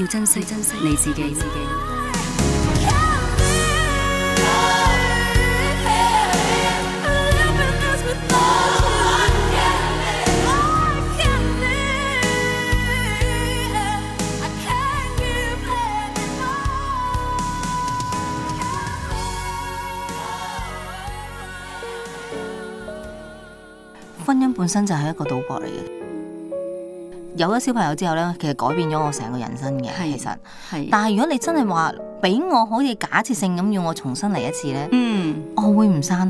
要珍惜珍惜你自己。自己婚姻本身就係一個賭博嚟嘅。有咗小朋友之後咧，其實改變咗我成個人生嘅，其實。係。但係如果你真係話俾我可以假設性咁要我重新嚟一次呢？嗯、我會唔生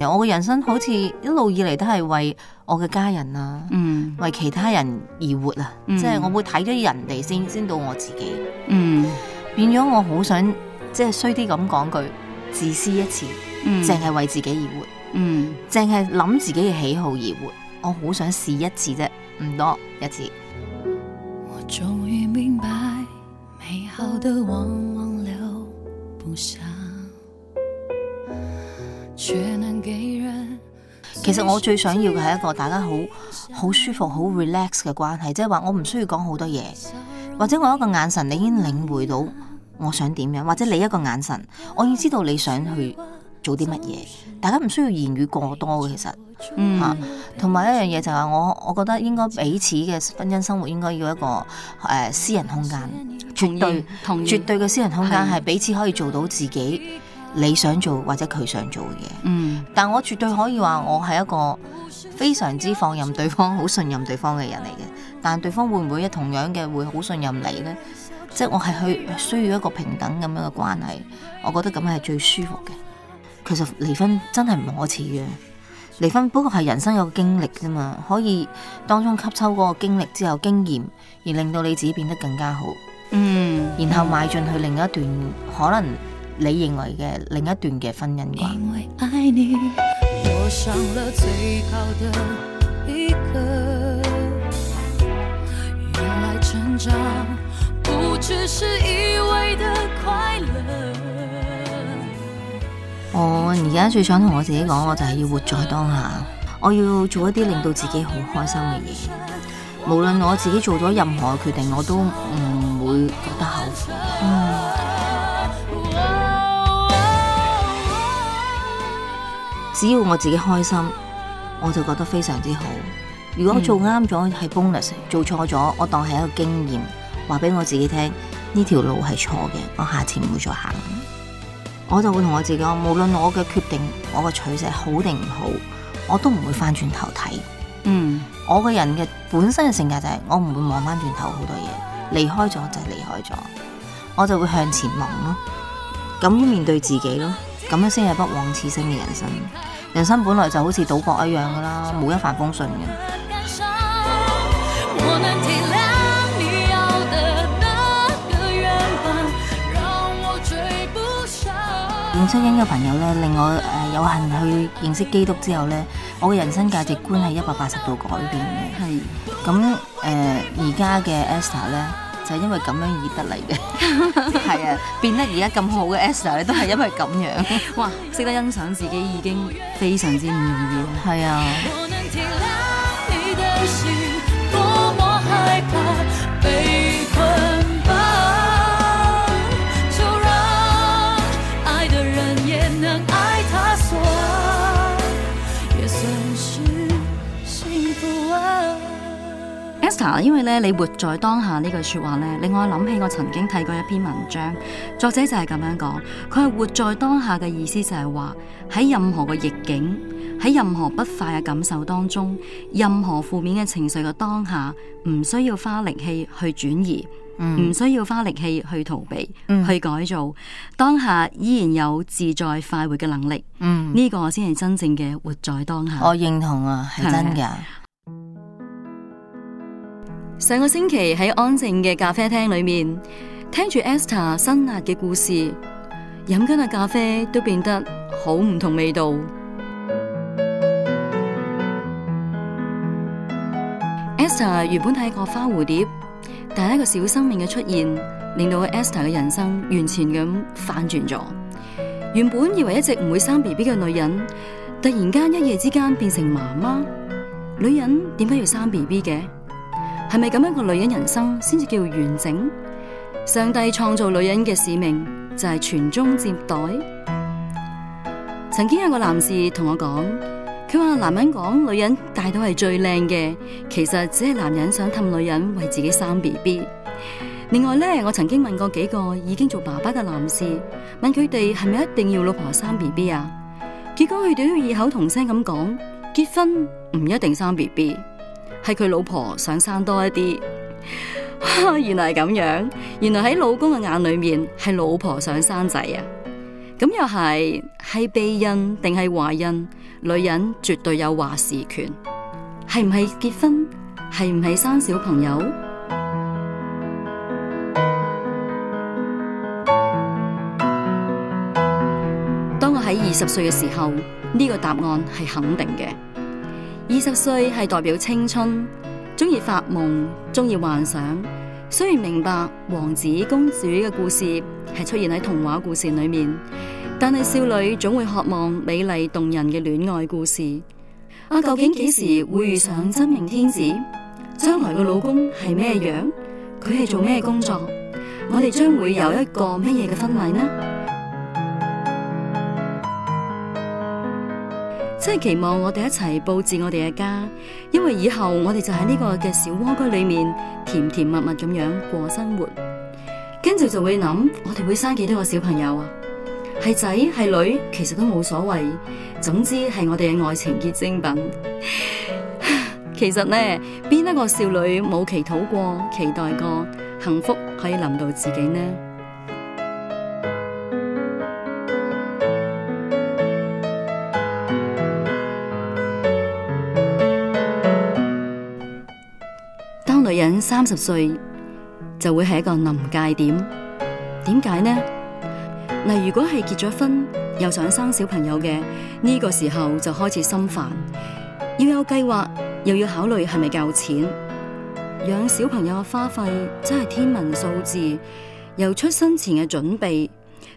咯。我嘅人生好似一路以嚟都係為我嘅家人啊，嗯，為其他人而活啊，嗯、即係我會睇咗人哋先先到我自己。嗯。變咗我好想即係衰啲咁講句自私一次，嗯，淨係為自己而活，嗯，淨係諗自己嘅喜好而活，我好想試一次啫。唔多一次。其實我最想要嘅係一個大家好好舒服、好 relax 嘅關係，即係話我唔需要講好多嘢，或者我一個眼神你已經領會到我想點樣，或者你一個眼神我已經知道你想去。做啲乜嘢？大家唔需要言語過多嘅，其實，嚇、嗯。同埋、啊、一樣嘢就係我，我覺得應該彼此嘅婚姻生活應該要一個誒、呃、私人空間，絕對意絕對嘅私人空間的，係彼此可以做到自己你想做或者佢想做嘅嘢。嗯，但我絕對可以話，我係一個非常之放任對方、好信任對方嘅人嚟嘅。但係對方會唔會一同樣嘅會好信任你咧？即係我係去需要一個平等咁樣嘅關係，我覺得咁係最舒服嘅。其實離婚真係唔可恥嘅，離婚不過係人生有個經歷啫嘛，可以當中吸收嗰個經歷之後經驗，而令到你自己變得更加好。嗯，然後邁進去另一段可能你認為嘅另一段嘅婚姻關。我而家最想同我自己講，我就係要活在當下，我要做一啲令到自己好開心嘅嘢。無論我自己做咗任何決定，我都唔會覺得後悔。只要我自己開心，我就覺得非常之好。如果我做啱咗係 bonus，做錯咗我當係一個經驗，話俾我自己聽，呢條路係錯嘅，我下次唔會再行。我就會同我自己講，無論我嘅決定，我嘅取捨好定唔好，我都唔會翻轉頭睇。嗯，我個人嘅本身嘅性格就係、是，我唔會望翻轉頭好多嘢，離開咗就係離開咗，我就會向前望咯，敢於面對自己咯，咁樣先係不枉此生嘅人生。人生本來就好似賭博一樣噶啦，冇一帆風順嘅。演出英嘅朋友咧，令我誒有幸去認識基督之後咧，我嘅人生價值觀係一百八十度改變嘅。係的。咁誒，而、呃、家嘅 Esther 咧，就係、是、因為咁樣而得嚟嘅。係啊， 變得而家咁好嘅 Esther 咧，都係因為咁樣。哇， 識得欣賞自己已經非常之唔容易。係啊。 因為咧，你活在當下呢句說話咧，令我諗起我曾經睇過一篇文章，作者就係咁樣講，佢係活在當下嘅意思就係話喺任何個逆境，喺任何不快嘅感受當中，任何負面嘅情緒嘅當下，唔需要花力氣去轉移，唔、嗯、需要花力氣去逃避，嗯、去改造，當下依然有自在快活嘅能力。呢、嗯、個先係真正嘅活在當下。我認同啊，係真㗎。上個星期喺安靜嘅咖啡廳裏面，聽住 Esther 辛辣嘅故事，飲緊嘅咖啡都變得好唔同味道。Esther 原本係一個花蝴蝶，但係一個小生命嘅出現，令到 Esther 嘅人生完全咁反轉咗。原本以為一直唔會生 B B 嘅女人，突然間一夜之間變成媽媽。女人點解要生 B B 嘅？係咪咁樣個女人人生先至叫完整？上帝創造女人嘅使命就係傳宗接代。曾經有個男士同我講，佢話男人講女人大到係最靚嘅，其實只係男人想氹女人為自己生 BB。另外呢，我曾經問過幾個已經做爸爸嘅男士，問佢哋係咪一定要老婆生 BB 啊？結果佢哋都異口同聲咁講：結婚唔一定生 BB。係佢老婆想生多一啲， 原來係咁樣，原來喺老公嘅眼裏面係老婆想生仔啊！咁又係，係避孕定係懷孕？女人絕對有話事權，係唔係結婚？係唔係生小朋友？ 當我喺二十歲嘅時候，呢個答案係肯定嘅。二十歲係代表青春，中意發夢，中意幻想。雖然明白王子公主嘅故事係出現喺童話故事裏面，但係少女總會渴望美麗動人嘅戀愛故事。啊，究竟幾時會遇上真命天子？將來嘅老公係咩樣？佢係做咩工作？我哋將會有一個乜嘢嘅婚禮呢？真係期望我哋一齊佈置我哋嘅家，因為以後我哋就喺呢個嘅小蝸居裏面甜甜蜜蜜咁樣過生活，跟住就會諗我哋會生幾多個小朋友啊？係仔係女，其實都冇所謂，總之係我哋嘅愛情結晶品。 其實呢，邊一個少女冇祈禱過、期待過，幸福可以臨到自己呢？三十歲就會係一個臨界點，點解呢？嗱，如果係結咗婚又想生小朋友嘅，呢個時候就開始心煩，要有計劃又要考慮係咪夠錢，養小朋友嘅花費真係天文數字，由出生前嘅準備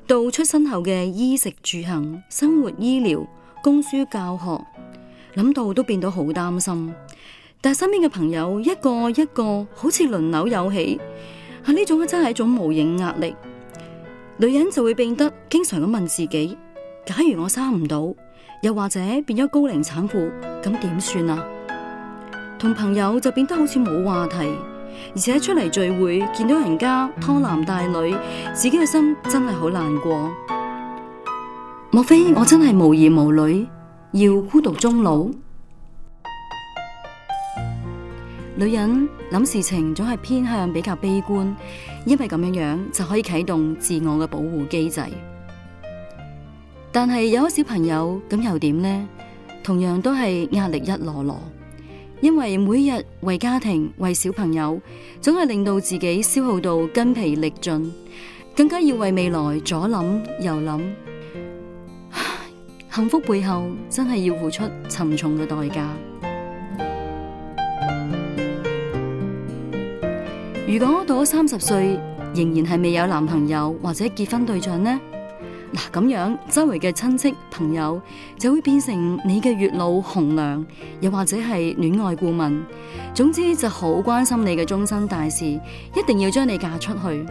到出生後嘅衣食住行、生活醫療、供書教學，諗到都變到好擔心。但係身邊嘅朋友一個一個好似輪流有喜，啊，呢種真係一種無形壓力，女人就會變得經常咁問自己：假如我生唔到，又或者變咗高齡產婦，咁點算啊？同朋友就變得好似冇話題，而且出嚟聚會見到人家拖男帶女，自己嘅心真係好難過。莫非我真係無兒無女，要孤獨終老？女人諗事情總係偏向比較悲觀，因為咁樣樣就可以啟動自我嘅保護機制。但係有咗小朋友咁又點呢？同樣都係壓力一籮籮，因為每日為家庭、為小朋友，總係令到自己消耗到筋疲力盡，更加要為未來左諗右諗。幸福背後真係要付出沉重嘅代價。如果到咗三十歲仍然係未有男朋友或者結婚對象呢？嗱，咁樣，周圍嘅親戚朋友就會變成你嘅月老紅娘，又或者係戀愛顧問，總之就好關心你嘅終身大事，一定要將你嫁出去。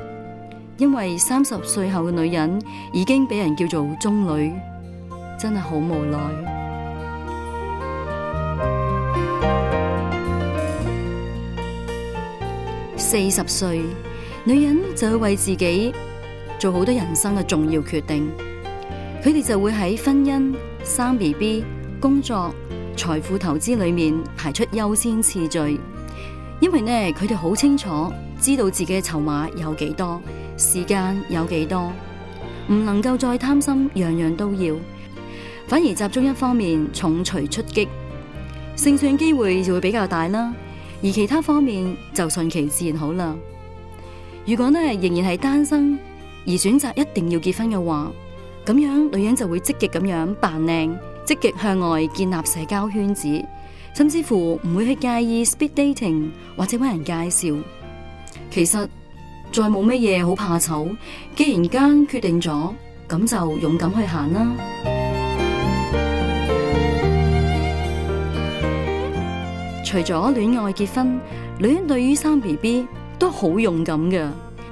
因為三十歲後嘅女人已經俾人叫做中女，真係好無奈。四十歲女人就會為自己做好多人生嘅重要決定，佢哋就會喺婚姻、生 BB、工作、財富投資裏面排出優先次序，因為呢，佢哋好清楚知道自己嘅籌碼有幾多，時間有幾多，唔能夠再貪心，樣樣都要，反而集中一方面，重錘出擊，勝算機會就會比較大啦。而其他方面就順其自然好啦。如果呢仍然係單身而選擇一定要結婚嘅話，咁樣女人就會積極咁樣扮靚，積極向外建立社交圈子，甚至乎唔會去介意 speed dating 或者揾人介紹。其實再冇乜嘢好怕醜，既然間決定咗，咁就勇敢去行啦。除咗戀愛結婚，女人對於生 B B 都好勇敢㗎。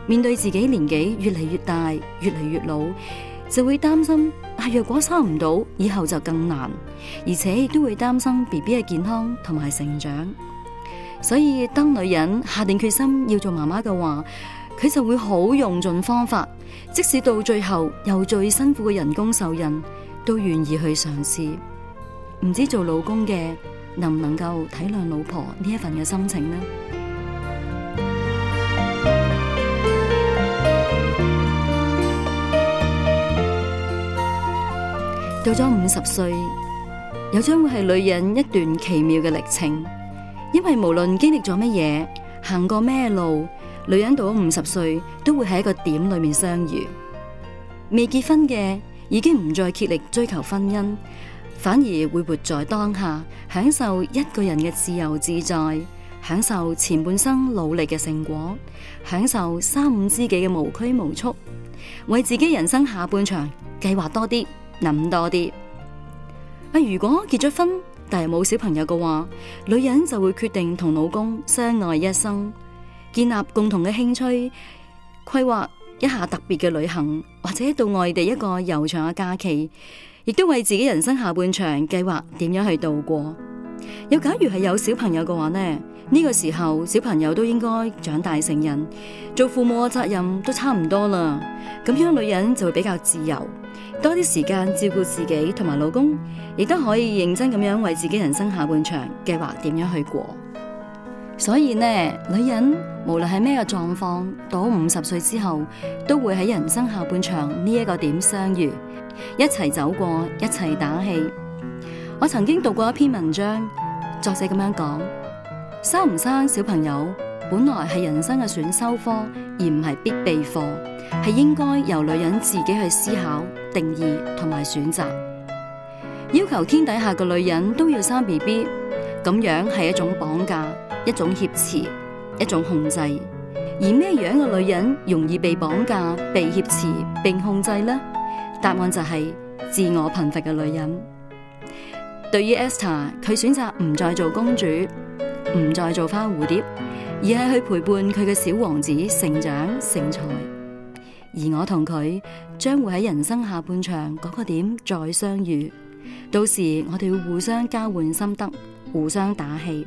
面對自己年紀越嚟越大，越嚟越老，就會擔心。但若果生唔到，以後就更難，而且亦都會擔心 B B 嘅健康同埋成長。所以當女人下定決心要做媽媽嘅話，佢就會好用盡方法，即使到最後由最辛苦嘅人工受孕，都願意去嘗試。唔知做老公嘅，能唔能夠體諒老婆呢一份嘅心情呢？到咗五十歲，又將會係女人一段奇妙嘅歷程。因為無論經歷咗乜嘢，行過咩路，女人到咗五十歲，都會喺一個點裏面相遇。未結婚嘅，已經唔再竭力追求婚姻。反而會活在當下，享受一個人嘅自由自在，享受前半生努力嘅成果，享受三五知己嘅無拘無束，為自己人生下半場計劃多啲，諗多啲。啊，如果結咗婚但係冇小朋友嘅話，女人就會決定同老公相愛一生，建立共同嘅興趣，規劃一下特別嘅旅行，或者到外地一個悠長嘅假期。亦都為自己人生下半場計劃點樣去度過。又假如係有小朋友嘅話呢？呢、呢個時候小朋友都應該長大成人，做父母嘅責任都差唔多啦。咁樣女人就會比較自由，多啲時間照顧自己同埋老公，亦都可以認真咁樣為自己人生下半場計劃點樣去過。所以呢，女人無論係咩嘅狀況，到五十歲之後，都會喺人生下半場呢一個點相遇，一齊走過，一齊打氣。我曾經讀過一篇文章，作者咁樣講：生唔生小朋友，本來係人生嘅選修科，而唔係必備課，係應該由女人自己去思考、定義同埋選擇。要求天底下嘅女人都要生 BB，咁樣係一種綁架。一種挾持，一種控制。而咩樣嘅女人容易被綁架、被挾持並控制呢？答案就係、是、自我貧乏嘅女人。對於 Esther，佢選擇唔再做公主，唔再做花蝴蝶，而係去陪伴佢嘅小王子成長成才。而我同佢將會喺人生下半場嗰、那個點再相遇。到時我哋會互相交換心得，互相打氣。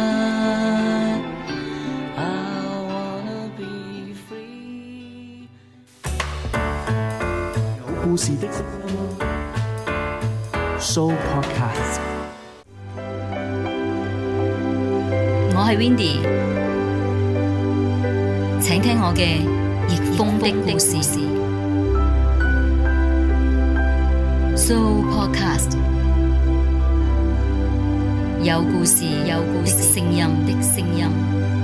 故事的聲音，So Podcast。我係 Windy，請聽我嘅逆風的故事。So Podcast，有故事，有故事的聲音的聲音。